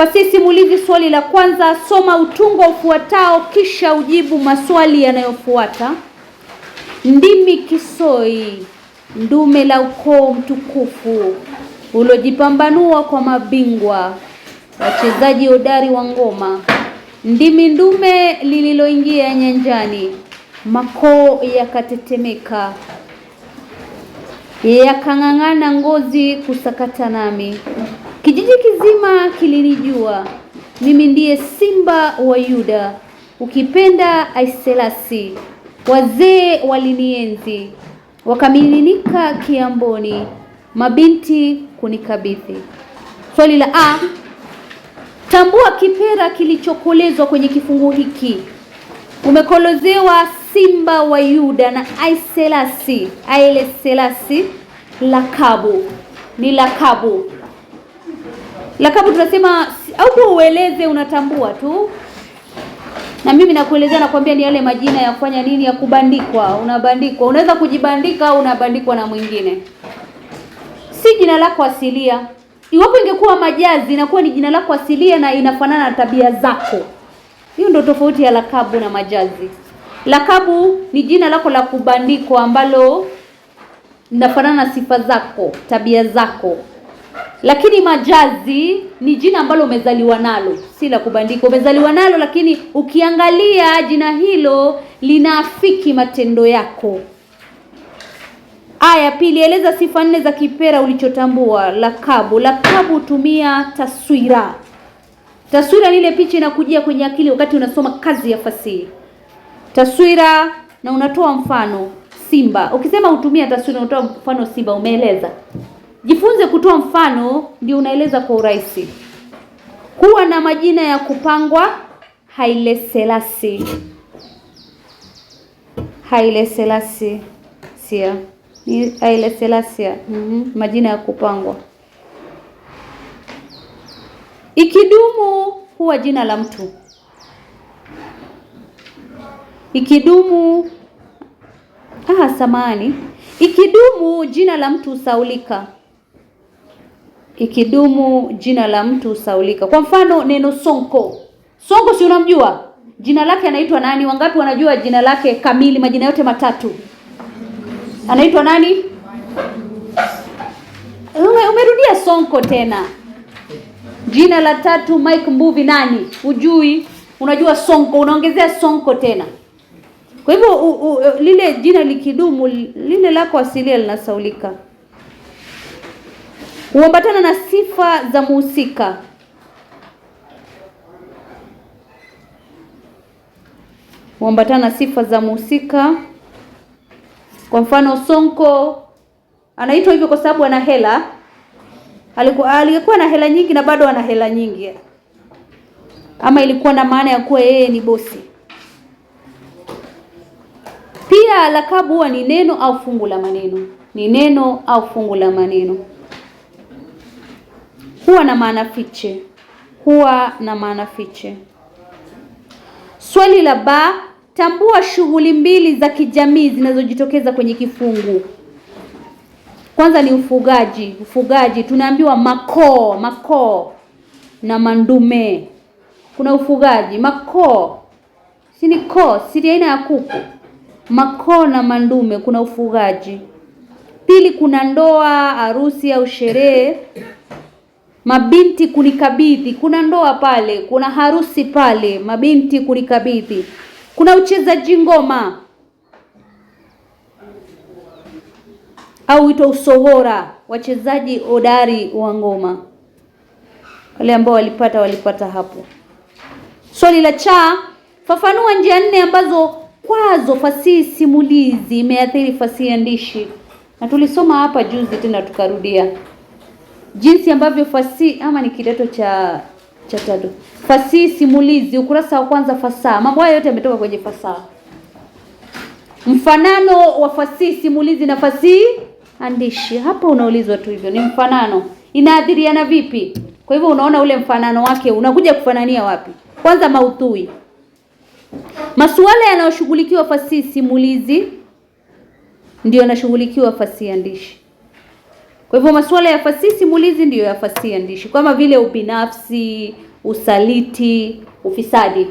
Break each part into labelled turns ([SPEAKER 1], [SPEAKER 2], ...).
[SPEAKER 1] Fasihi simulizi, swali la kwanza, soma utungo ufuatao kisha ujibu maswali yanayofuata. Ndimi kisoi, ndume la ukoo mtukufu ulojipambanua kwa mabingwa wachezaji hodari wa ngoma. Ndimi ndume lililoingia nyanjani, makoo yakatetemeka, yakang'ang'ana ngozi kusakata nami. Kijiji kizima kilinijua mimi ndiye Simba wa Yuda, ukipenda Aiselasi. Wazee walinienzi wakamininika kiamboni, mabinti kunikabidhi. Swali la a, tambua kipera kilichokolezwa kwenye kifungu hiki. Umekolozewa Simba wa Yuda na Aiselasi. Aile Selasi lakabu ni lakabu Lakabu tunasema au ueleze, unatambua tu, na mimi nakuelezea, nakwambia ni yale majina ya kufanya nini, ya kubandikwa. Unabandikwa, unaweza kujibandika au unabandikwa na mwingine, si jina lako asilia. Iwapo ingekuwa majazi, inakuwa ni jina lako asilia na inafanana na tabia zako. Hiyo ndio tofauti ya lakabu na majazi. Lakabu ni jina lako la kubandikwa ambalo linafanana na sifa zako, tabia zako. Lakini majazi ni jina ambalo umezaliwa nalo, si la kubandika Umezaliwa nalo, lakini ukiangalia jina hilo linaafiki matendo yako. Aya pili, eleza sifa nne za kipera ulichotambua. Lakabu, lakabu tumia taswira. Taswira ni ile picha inakujia kwenye akili wakati unasoma kazi ya fasihi. Taswira na unatoa mfano simba. Ukisema utumia taswira unatoa mfano simba, umeeleza. Jifunze kutoa mfano, ndio unaeleza kwa urahisi. Kuwa na majina ya kupangwa Haile Selasi, Haile Selasi Sia. Ni Haile Selassie. Mm -hmm. Majina ya kupangwa. Ikidumu huwa jina la mtu. Ikidumu ah, samani. Ikidumu jina la mtu usaulika ikidumu jina la mtu husaulika. Kwa mfano neno Sonko. Sonko si unamjua? Jina lake anaitwa nani? Wangapi wanajua jina lake kamili, majina yote matatu? Anaitwa nani? Ume, umerudia Sonko tena. Jina la tatu Mike Mbuvi nani? Ujui? Unajua Sonko, unaongezea Sonko tena. Kwa hivyo lile jina likidumu, lile lako asilia linasaulika huambatana na sifa za muhusika. Huambatana na sifa za muhusika. Kwa mfano, Sonko anaitwa hivyo kwa sababu ana hela. Alikuwa alikuwa na hela nyingi na bado ana hela nyingi, ama ilikuwa na maana ya kuwa yeye ni bosi. Pia lakabu huwa ni neno au fungu la maneno, ni neno au fungu la maneno huwa na maana fiche, huwa na maana fiche. Swali la ba, tambua shughuli mbili za kijamii zinazojitokeza kwenye kifungu. Kwanza ni ufugaji. Ufugaji tunaambiwa makoo, makoo na mandume. Kuna ufugaji makoo, si ni koo, si aina ya kuku. Makoo na mandume, kuna ufugaji. Pili, kuna ndoa, harusi au sherehe mabinti kunikabidhi, kuna ndoa pale, kuna harusi pale, mabinti kunikabidhi, kuna uchezaji ngoma au ito usohora, wachezaji hodari wa ngoma. Wale ambao walipata walipata hapo. Swali la cha, fafanua njia nne ambazo kwazo fasihi simulizi imeathiri fasihi andishi, na tulisoma hapa juzi tena tukarudia jinsi ambavyo fasihi ama ni kidato cha cha tatu, fasihi simulizi, ukurasa wa kwanza fasaha. Mambo haya yote yametoka kwenye fasaha. Mfanano wa fasihi simulizi na fasihi andishi, hapa unaulizwa tu hivyo, ni mfanano, inaadhiriana vipi? Kwa hivyo unaona ule mfanano wake unakuja kufanania wapi? Kwanza maudhui, masuala yanayoshughulikiwa fasihi simulizi ndio yanashughulikiwa fasihi andishi. Kwa hivyo masuala ya fasihi simulizi ndiyo ya fasihi andishi, kama vile ubinafsi, usaliti, ufisadi.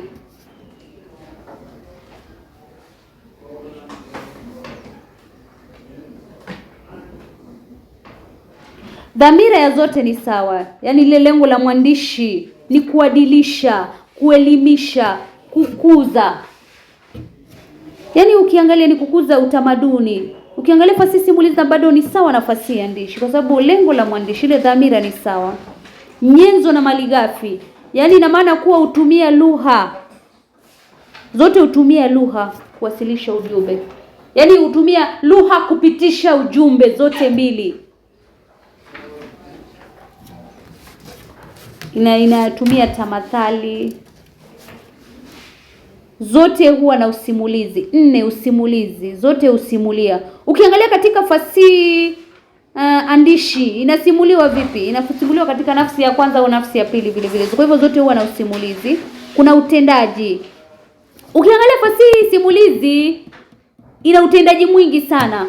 [SPEAKER 1] Dhamira ya zote ni sawa, yaani lile lengo la mwandishi ni kuadilisha, kuelimisha, kukuza, yaani ukiangalia ni kukuza utamaduni Ukiangalia fasihi simulizi bado ni sawa na fasihi andishi, kwa sababu lengo la mwandishi, ile dhamira ni sawa. Nyenzo na malighafi, yaani ina maana kuwa hutumia lugha zote, hutumia lugha kuwasilisha ujumbe, yaani hutumia lugha kupitisha ujumbe, zote mbili ina inatumia tamathali zote huwa na usimulizi. Nne, usimulizi, zote husimulia. Ukiangalia katika fasihi uh, andishi inasimuliwa vipi? Inasimuliwa katika nafsi ya kwanza au nafsi ya pili vile vile. Kwa hivyo zote huwa na usimulizi. Kuna utendaji. Ukiangalia fasihi simulizi ina utendaji mwingi sana,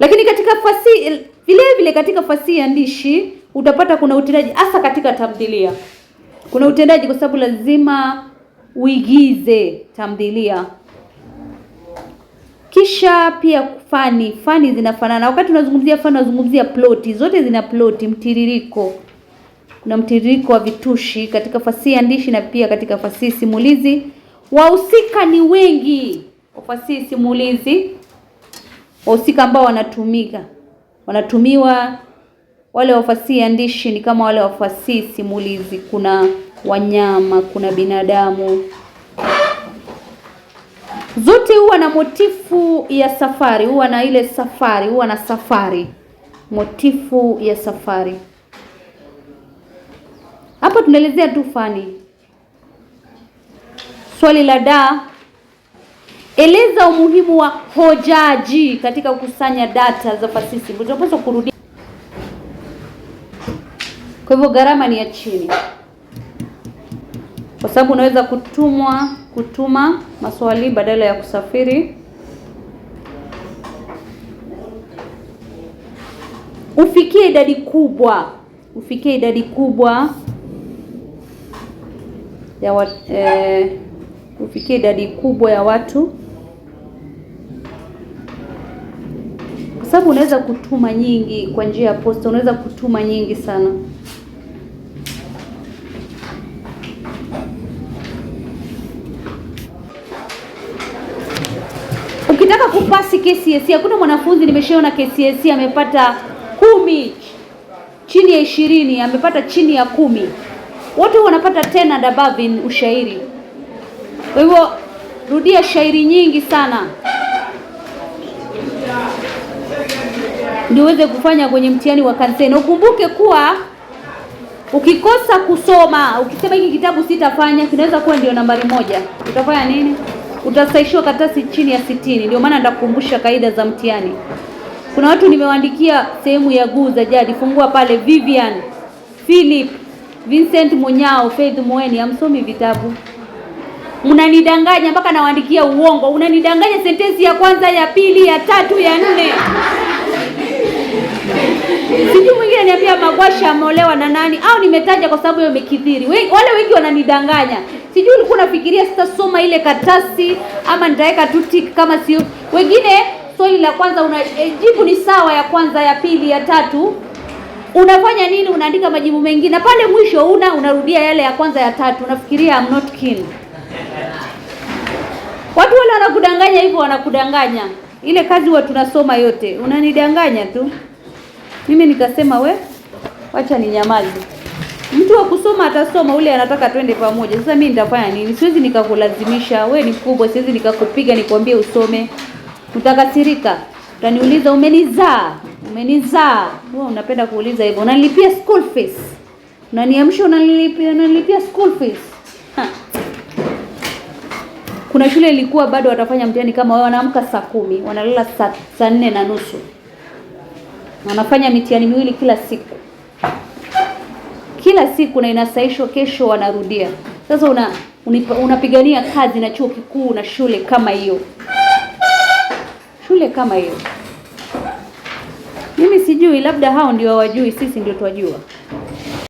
[SPEAKER 1] lakini katika fasihi vile vile, katika fasihi andishi utapata kuna utendaji, hasa katika tamthilia kuna utendaji, kwa sababu lazima uigize tamthilia. Kisha pia fani, fani zinafanana. Wakati unazungumzia fani, unazungumzia ploti, zote zina ploti, mtiririko. Kuna mtiririko wa vitushi katika fasihi andishi na pia katika fasihi simulizi. Wahusika ni wengi fasihi simulizi, wahusika ambao wanatumika wanatumiwa. Wale wafasihi andishi ni kama wale wafasihi simulizi kuna wanyama, kuna binadamu. Zote huwa na motifu ya safari, huwa na ile safari, huwa na safari, motifu ya safari. Hapa tunaelezea tu fani. Swali la da, eleza umuhimu wa hojaji katika kukusanya data za fasihi. Tunapaswa kurudia. Kwa hivyo gharama ni ya chini kwa sababu unaweza kutumwa kutuma maswali badala ya kusafiri. Ufikie idadi kubwa, ufikie idadi kubwa ya wat, eh, ufikie idadi kubwa ya watu, kwa sababu unaweza kutuma nyingi kwa njia ya posta, unaweza kutuma nyingi sana. nataka kupasi KCSE, hakuna mwanafunzi nimeshaona KCSE amepata kumi chini ya ishirini, amepata chini ya kumi. Wote wanapata tena above in ushairi. Kwa hivyo rudia shairi nyingi sana ndio uweze kufanya kwenye mtihani wa kanseni. Ukumbuke kuwa ukikosa kusoma, ukisema hiki kitabu sitafanya, kinaweza kuwa ndio nambari moja. Utafanya nini? utasaishiwa karatasi chini ya sitini. Ndio maana nitakukumbusha kaida za mtihani. Kuna watu nimewaandikia sehemu ya guu za jadi, fungua pale. Vivian Philip, Vincent Munyao, Faith Mweni, amsomi vitabu Unanidanganya mpaka nawaandikia uongo. Unanidanganya sentensi ya kwanza, ya pili, ya tatu, ya nne. Sijui mwingine niambia Magwasha ameolewa na nani, au nimetaja kwa sababu imekithiri. Wale wengi wananidanganya, sijui ulikuwa unafikiria sasa soma ile katasi ama nitaweka tu tick kama sio wengine. Swali la kwanza una e, jibu ni sawa, ya kwanza, ya pili, ya tatu unafanya nini? Unaandika majibu mengine na pale mwisho una unarudia yale ya kwanza ya tatu. Unafikiria I'm not keen. Watu wale wanakudanganya hivyo, wanakudanganya ile kazi huwa tunasoma yote, unanidanganya tu. Mimi nikasema we, wacha ni ninyamaze. Mtu wa kusoma atasoma, ule anataka twende pamoja. Sasa mimi nitafanya nini? Siwezi nikakulazimisha. We ni mkubwa, siwezi nikakupiga nikwambie usome. Utakasirika, utaniuliza umenizaa, umenizaa. Wewe unapenda kuuliza hivyo, unanilipia school fees, unaniamsha, unanilipia, unanilipia school fees ha. Kuna shule ilikuwa bado watafanya mtihani kama wao, wanaamka saa kumi wanalala saa nne na nusu wanafanya mitihani miwili kila siku kila siku, na inasaishwa kesho, wanarudia. Sasa una unapigania kazi na chuo kikuu na shule kama hiyo, shule kama hiyo. Mimi sijui, labda hao ndio hawajui, sisi ndio twajua.